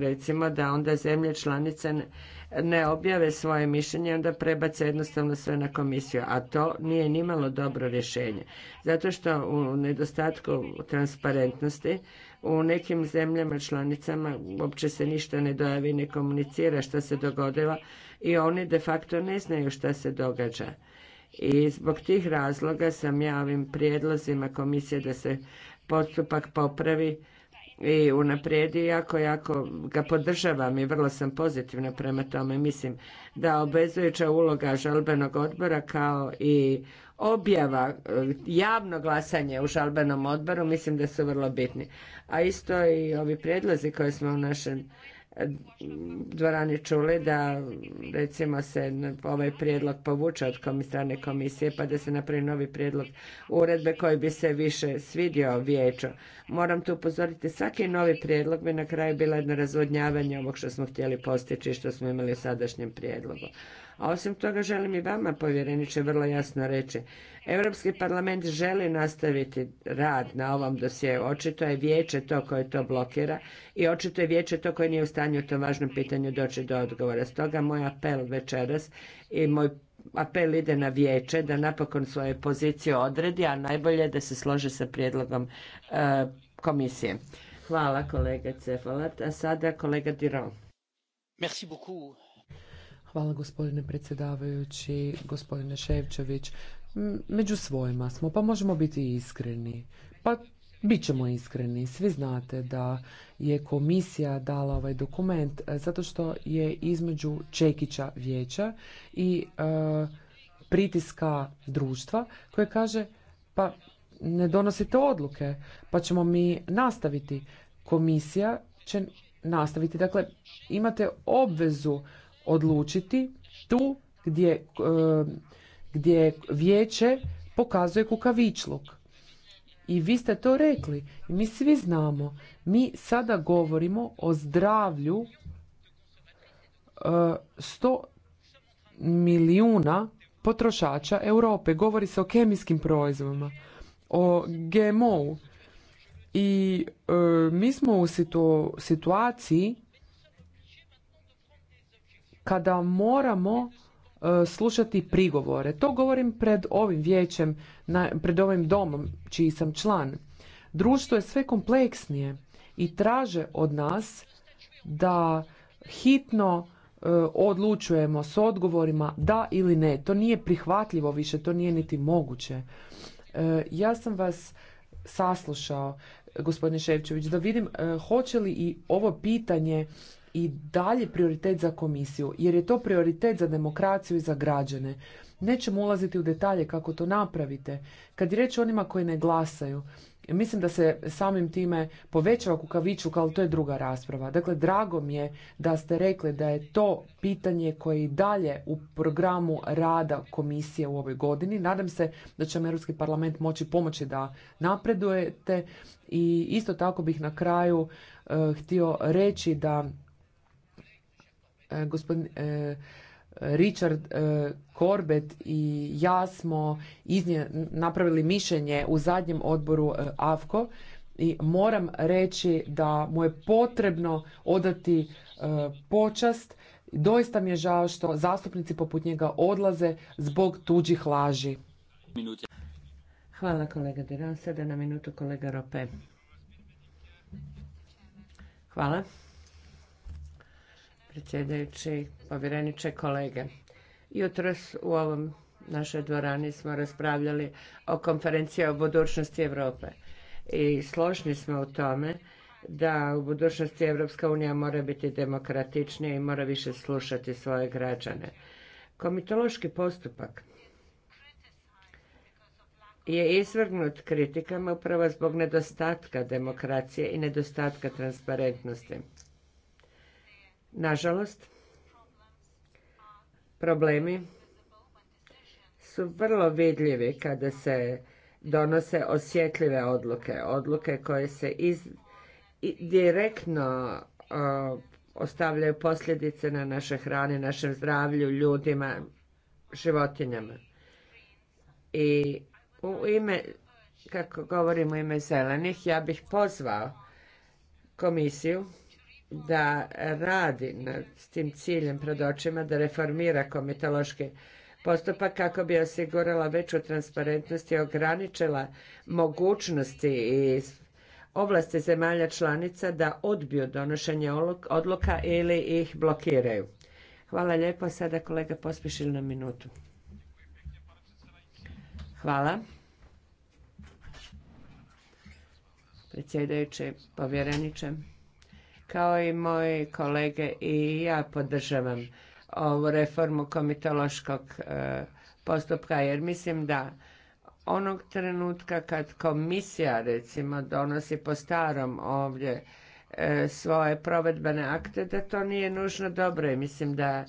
recimo da onda zemlje članice ne objave svoje mišljenje, onda prebace jednostavno sve na komisiju, a to nije nimalo dobro rješenje. Zato što u nedostatku transparentnosti u nekim zemljama članicama uopće se ništa ne dojavi, ne komunicira šta se dogodilo i oni de facto ne znaju šta se događa. I zbog tih razloga sam ja ovim prijedlozima komisije da se postupak popravi i unaprijedi jako, jako ga podržavam i vrlo sam pozitivna prema tome. Mislim da obvezujuća uloga žalbenog odbora kao i objava, javno glasanje u žalbenom odboru mislim da su vrlo bitni. A isto i ovi prijedlozi koje smo u našem dvorani čuli da recimo se ovaj prijedlog povuče od strane komisije pa da se napravi novi prijedlog uredbe koji bi se više svidio vijeću. Moram tu upozoriti, svaki novi prijedlog bi na kraju bilo jedno razvodnjavanje ovog što smo htjeli postići i što smo imali u sadašnjem prijedlogu. A osim toga želim i vama, povjereniče, vrlo jasno reći. Europski parlament želi nastaviti rad na ovom dosjeu. Očito je vijeće to koje to blokira i očito je vijeće to koje nije u stanju u tom važnom pitanju doći do odgovora. Stoga moj apel večeras i moj apel ide na vijeće da napokon svoje pozicije odredi, a najbolje da se slože sa prijedlogom e, komisije. Hvala kolega Cefalat. A sada kolega Diron. Merci Hvala gospodine predsjedavajući, gospodine Ševčević. Među svojima smo, pa možemo biti iskreni. Pa bit ćemo iskreni. Svi znate da je komisija dala ovaj dokument e, zato što je između Čekića vijeća i e, pritiska društva koje kaže pa ne donosite odluke, pa ćemo mi nastaviti. Komisija će nastaviti. Dakle, imate obvezu odlučiti tu gdje, eh, gdje vijeće pokazuje kukavičluk. I vi ste to rekli. I mi svi znamo. Mi sada govorimo o zdravlju 100 eh, milijuna potrošača Europe. Govori se o kemijskim proizvodima, o GMO-u. I eh, mi smo u situaciji kada moramo e, slušati prigovore. To govorim pred ovim vijećem, pred ovim domom čiji sam član. Društvo je sve kompleksnije i traže od nas da hitno e, odlučujemo s odgovorima da ili ne. To nije prihvatljivo više, to nije niti moguće. E, ja sam vas saslušao, gospodine Ševčević, da vidim hoće li i ovo pitanje i dalje prioritet za komisiju, jer je to prioritet za demokraciju i za građane. Nećemo ulaziti u detalje kako to napravite. Kad je riječ o onima koji ne glasaju, mislim da se samim time povećava kukavičuk, ali to je druga rasprava. Dakle, drago mi je da ste rekli da je to pitanje koje je i dalje u programu rada komisije u ovoj godini. Nadam se da će Europski parlament moći pomoći da napredujete i isto tako bih na kraju eh, htio reći da E, gospodin e, Richard e, Corbett i ja smo napravili mišljenje u zadnjem odboru AFKO i moram reći da mu je potrebno odati počast. Doista mi je žao što zastupnici poput njega odlaze zbog tuđih laži. Hvala kolega Diran. Sada na minutu kolega Rope. Hvala predsjedajući povjereniče kolege. Jutros u ovom našoj dvorani smo raspravljali o konferenciji o budućnosti Europe i složni smo u tome da u budućnosti Europska unija mora biti demokratičnija i mora više slušati svoje građane. Komitološki postupak je izvrgnut kritikama upravo zbog nedostatka demokracije i nedostatka transparentnosti. Nažalost, problemi su vrlo vidljivi kada se donose osjetljive odluke, odluke koje se direktno ostavljaju posljedice na naše hrane, našem zdravlju, ljudima, životinjama. I u ime, kako govorimo u ime zelenih, ja bih pozvao komisiju da radi s tim ciljem pred očima, da reformira komitološki postupak kako bi osigurala veću transparentnost i ograničila mogućnosti i ovlasti zemalja članica da odbiju donošenje odluka ili ih blokiraju. Hvala lijepo. Sada kolega pospišil na minutu. Hvala. Predsjedajući povjereniče. Kao i moji kolege i ja podržavam ovu reformu komitološkog e, postupka jer mislim da onog trenutka kad komisija recimo donosi po starom ovdje e, svoje provedbene akte da to nije nužno dobro i mislim da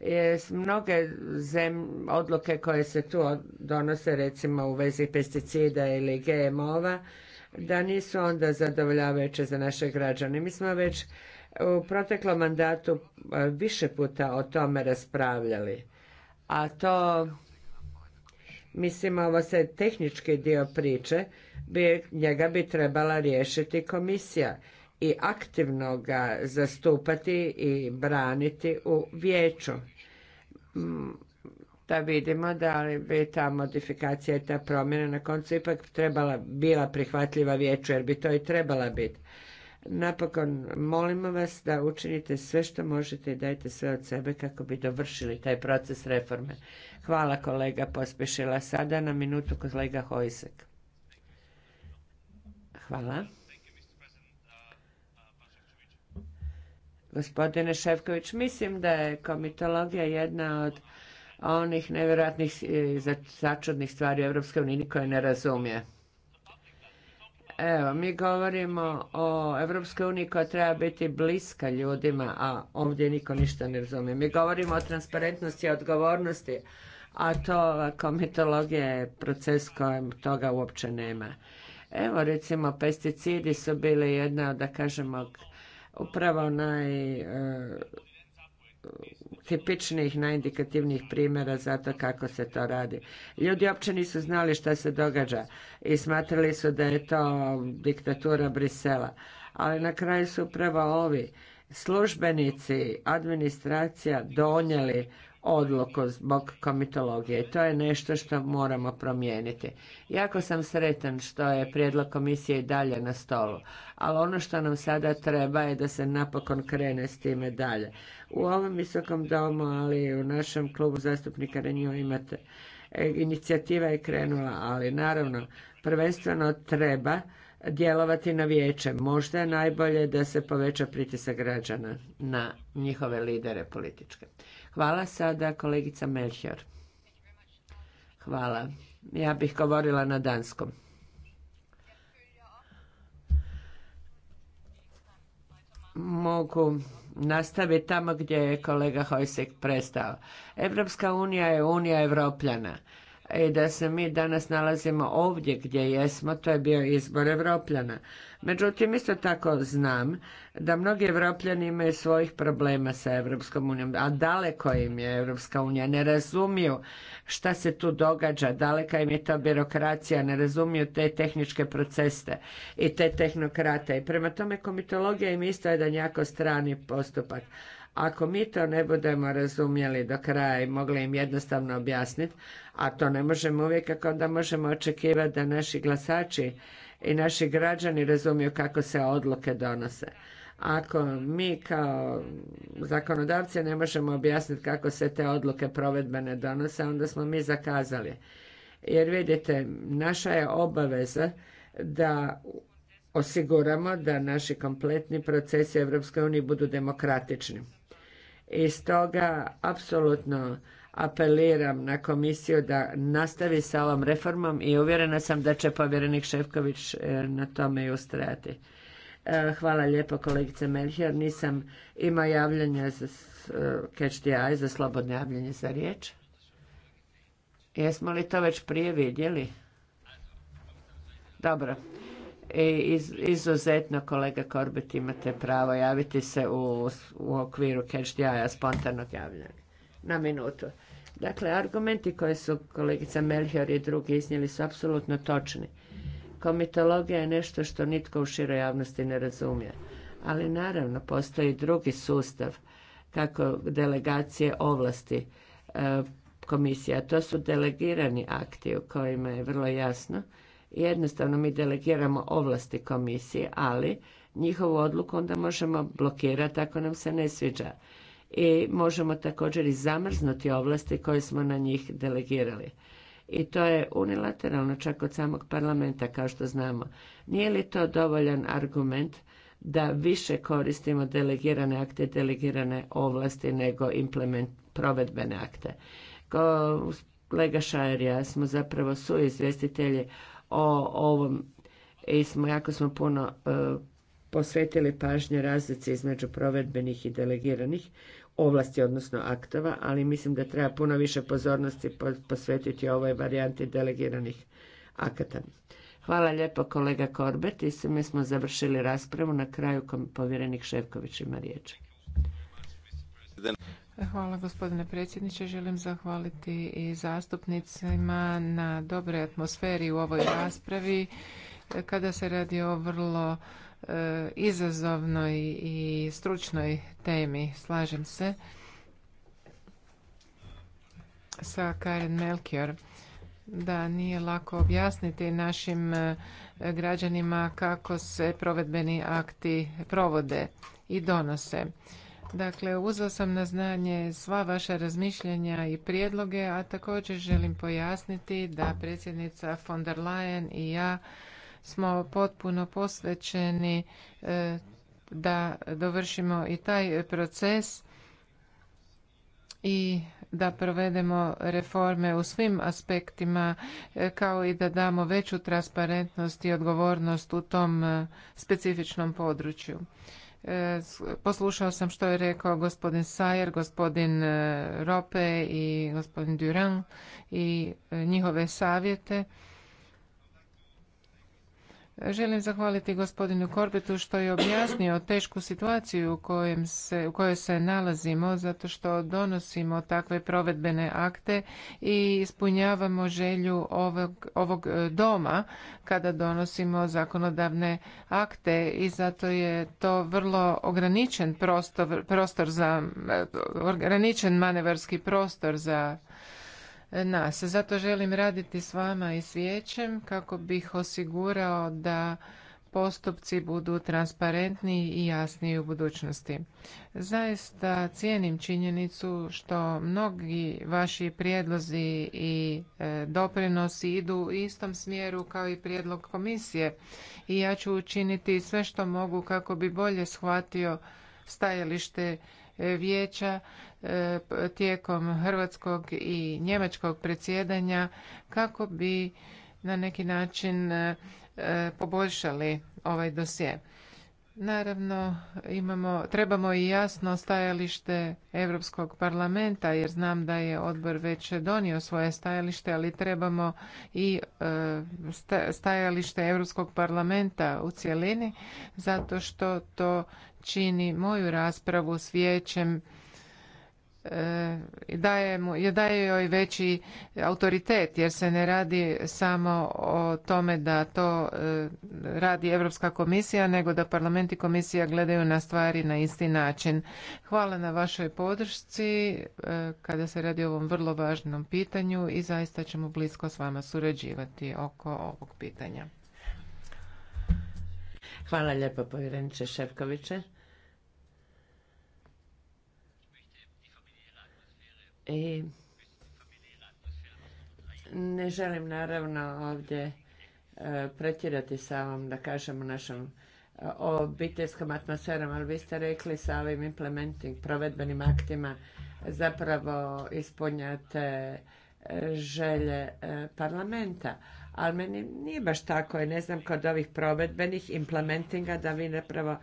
je mnoge odluke koje se tu donose recimo u vezi pesticida ili GMO-ova da nisu onda zadovoljavajuće za naše građane. Mi smo već u proteklom mandatu e, više puta o tome raspravljali, a to mislim ovo se tehnički dio priče, njega bi trebala riješiti komisija i aktivno ga zastupati i braniti u vijeću da vidimo da li bi ta modifikacija i ta promjena na koncu ipak trebala, bila prihvatljiva vijeću, jer bi to i trebala biti. Napokon, molimo vas da učinite sve što možete i dajte sve od sebe kako bi dovršili taj proces reforme. Hvala kolega Pospešila. Sada na minutu kolega Hojsek. Hvala. Gospodine Šefković, mislim da je komitologija jedna od onih nevjerojatnih e, začudnih stvari u Europskoj uniji koje ne razumije. Evo, mi govorimo o Europskoj uniji koja treba biti bliska ljudima, a ovdje niko ništa ne razumije. Mi govorimo o transparentnosti i odgovornosti, a to komitologija je proces kojem toga uopće nema. Evo, recimo, pesticidi su bili jedna, da kažemo, upravo naj... E, tipičnijih najindikativnijih primjera za to kako se to radi. Ljudi uopće nisu znali šta se događa i smatrali su da je to diktatura Brisela. Ali na kraju su upravo ovi službenici, administracija donijeli odluku zbog komitologije. To je nešto što moramo promijeniti. Jako sam sretan što je prijedlog komisije i dalje na stolu, ali ono što nam sada treba je da se napokon krene s time dalje. U ovom visokom domu, ali i u našem klubu zastupnika nju imate e, inicijativa je krenula, ali naravno prvenstveno treba djelovati na vijeće. Možda je najbolje da se poveća pritisak građana na njihove lidere političke. Hvala sada kolegica Melchior. Hvala. Ja bih govorila na danskom. Mogu nastaviti tamo gdje je kolega Hojsek prestao. Evropska unija je unija evropljana i da se mi danas nalazimo ovdje gdje jesmo, to je bio izbor Evropljana. Međutim, isto tako znam da mnogi Evropljani imaju svojih problema sa Evropskom unijom, a daleko im je Evropska unija, ne razumiju šta se tu događa, daleka im je ta birokracija, ne razumiju te tehničke procese i te tehnokrate. I prema tome komitologija im isto jedan jako strani postupak. Ako mi to ne budemo razumjeli do kraja i mogli im jednostavno objasniti, a to ne možemo uvijek, kako onda možemo očekivati da naši glasači i naši građani razumiju kako se odluke donose. Ako mi kao zakonodavci ne možemo objasniti kako se te odluke provedbene donose, onda smo mi zakazali. Jer vidite, naša je obaveza da osiguramo da naši kompletni procesi u EU budu demokratični. I stoga apsolutno apeliram na komisiju da nastavi sa ovom reformom i uvjerena sam da će povjerenik Šefković e, na tome i ustrajati. E, hvala lijepo kolegice Melchior. Nisam ima javljanja za e, catch the eye, za slobodno javljanje za riječ. Jesmo li to već prije vidjeli? Dobro iz, izuzetno kolega Korbet imate pravo javiti se u, okviru catch Eye-a, spontanog javljanja na minutu. Dakle, argumenti koje su kolegica Melchior i drugi iznijeli su apsolutno točni. Komitologija je nešto što nitko u široj javnosti ne razumije. Ali naravno, postoji drugi sustav kako delegacije ovlasti e, komisije. komisija. To su delegirani akti u kojima je vrlo jasno Jednostavno mi delegiramo ovlasti komisije, ali njihovu odluku onda možemo blokirati ako nam se ne sviđa. I možemo također i zamrznuti ovlasti koje smo na njih delegirali. I to je unilateralno čak od samog parlamenta, kao što znamo. Nije li to dovoljan argument da više koristimo delegirane akte, delegirane ovlasti nego implement, provedbene akte? Kolega Šajer ja smo zapravo suizvjestitelji o ovom i smo, jako smo puno e, posvetili pažnje razlice između provedbenih i delegiranih ovlasti, odnosno aktova, ali mislim da treba puno više pozornosti posvetiti ovoj varijanti delegiranih akata. Hvala lijepo kolega Korbet i mi smo završili raspravu. Na kraju povjerenik Ševković ima riječ. Hvala gospodine predsjedniče. Želim zahvaliti i zastupnicima na dobroj atmosferi u ovoj raspravi kada se radi o vrlo e, izazovnoj i stručnoj temi. Slažem se sa Karen Melkior da nije lako objasniti našim e, građanima kako se provedbeni akti provode i donose. Dakle, uzeo sam na znanje sva vaša razmišljenja i prijedloge, a također želim pojasniti da predsjednica von der Leyen i ja smo potpuno posvećeni e, da dovršimo i taj proces i da provedemo reforme u svim aspektima e, kao i da damo veću transparentnost i odgovornost u tom e, specifičnom području. E, poslušao sam što je rekao gospodin Sajer, gospodin e, Rope i gospodin Durand i e, njihove savjete Želim zahvaliti gospodinu Korbetu što je objasnio tešku situaciju u, kojem se, u kojoj se nalazimo zato što donosimo takve provedbene akte i ispunjavamo želju ovog, ovog e, doma kada donosimo zakonodavne akte i zato je to vrlo ograničen prostor, prostor za e, ograničen manevarski prostor za nas. Zato želim raditi s vama i s kako bih osigurao da postupci budu transparentniji i jasniji u budućnosti. Zaista cijenim činjenicu što mnogi vaši prijedlozi i e, doprinosi idu u istom smjeru kao i prijedlog komisije i ja ću učiniti sve što mogu kako bi bolje shvatio stajalište vijeća e, tijekom hrvatskog i njemačkog predsjedanja kako bi na neki način e, poboljšali ovaj dosje. Naravno, imamo, trebamo i jasno stajalište Europskog parlamenta, jer znam da je odbor već donio svoje stajalište, ali trebamo i e, stajalište Europskog parlamenta u cjelini, zato što to čini moju raspravu s vijećem E, daje, daje joj veći autoritet jer se ne radi samo o tome da to e, radi Europska komisija nego da parlament i komisija gledaju na stvari na isti način. Hvala na vašoj podršci e, kada se radi o ovom vrlo važnom pitanju i zaista ćemo blisko s vama surađivati oko ovog pitanja. Hvala lijepo povjereniče Šefkoviće. I ne želim naravno ovdje e, pretjerati sa ovom, da kažem, našom e, obiteljskom atmosferom, ali vi ste rekli sa ovim implementing provedbenim aktima zapravo ispunjate e, želje parlamenta. Ali meni nije baš tako ne znam kod ovih provedbenih implementinga da vi napravo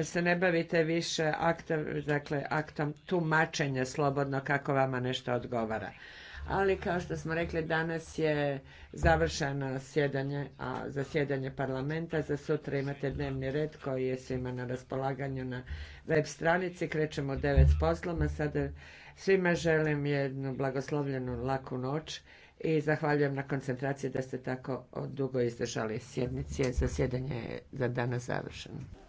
se ne bavite više aktom, dakle, aktom tumačenja slobodno kako vama nešto odgovara. Ali kao što smo rekli, danas je završeno sjedanje, a zasjedanje parlamenta. Za sutra imate dnevni red koji je svima na raspolaganju na web stranici. Krećemo devet s poslom, a sada svima želim jednu blagoslovljenu laku noć i zahvaljujem na koncentraciji da ste tako dugo izdržali sjednici. Zasjedanje je za danas završeno.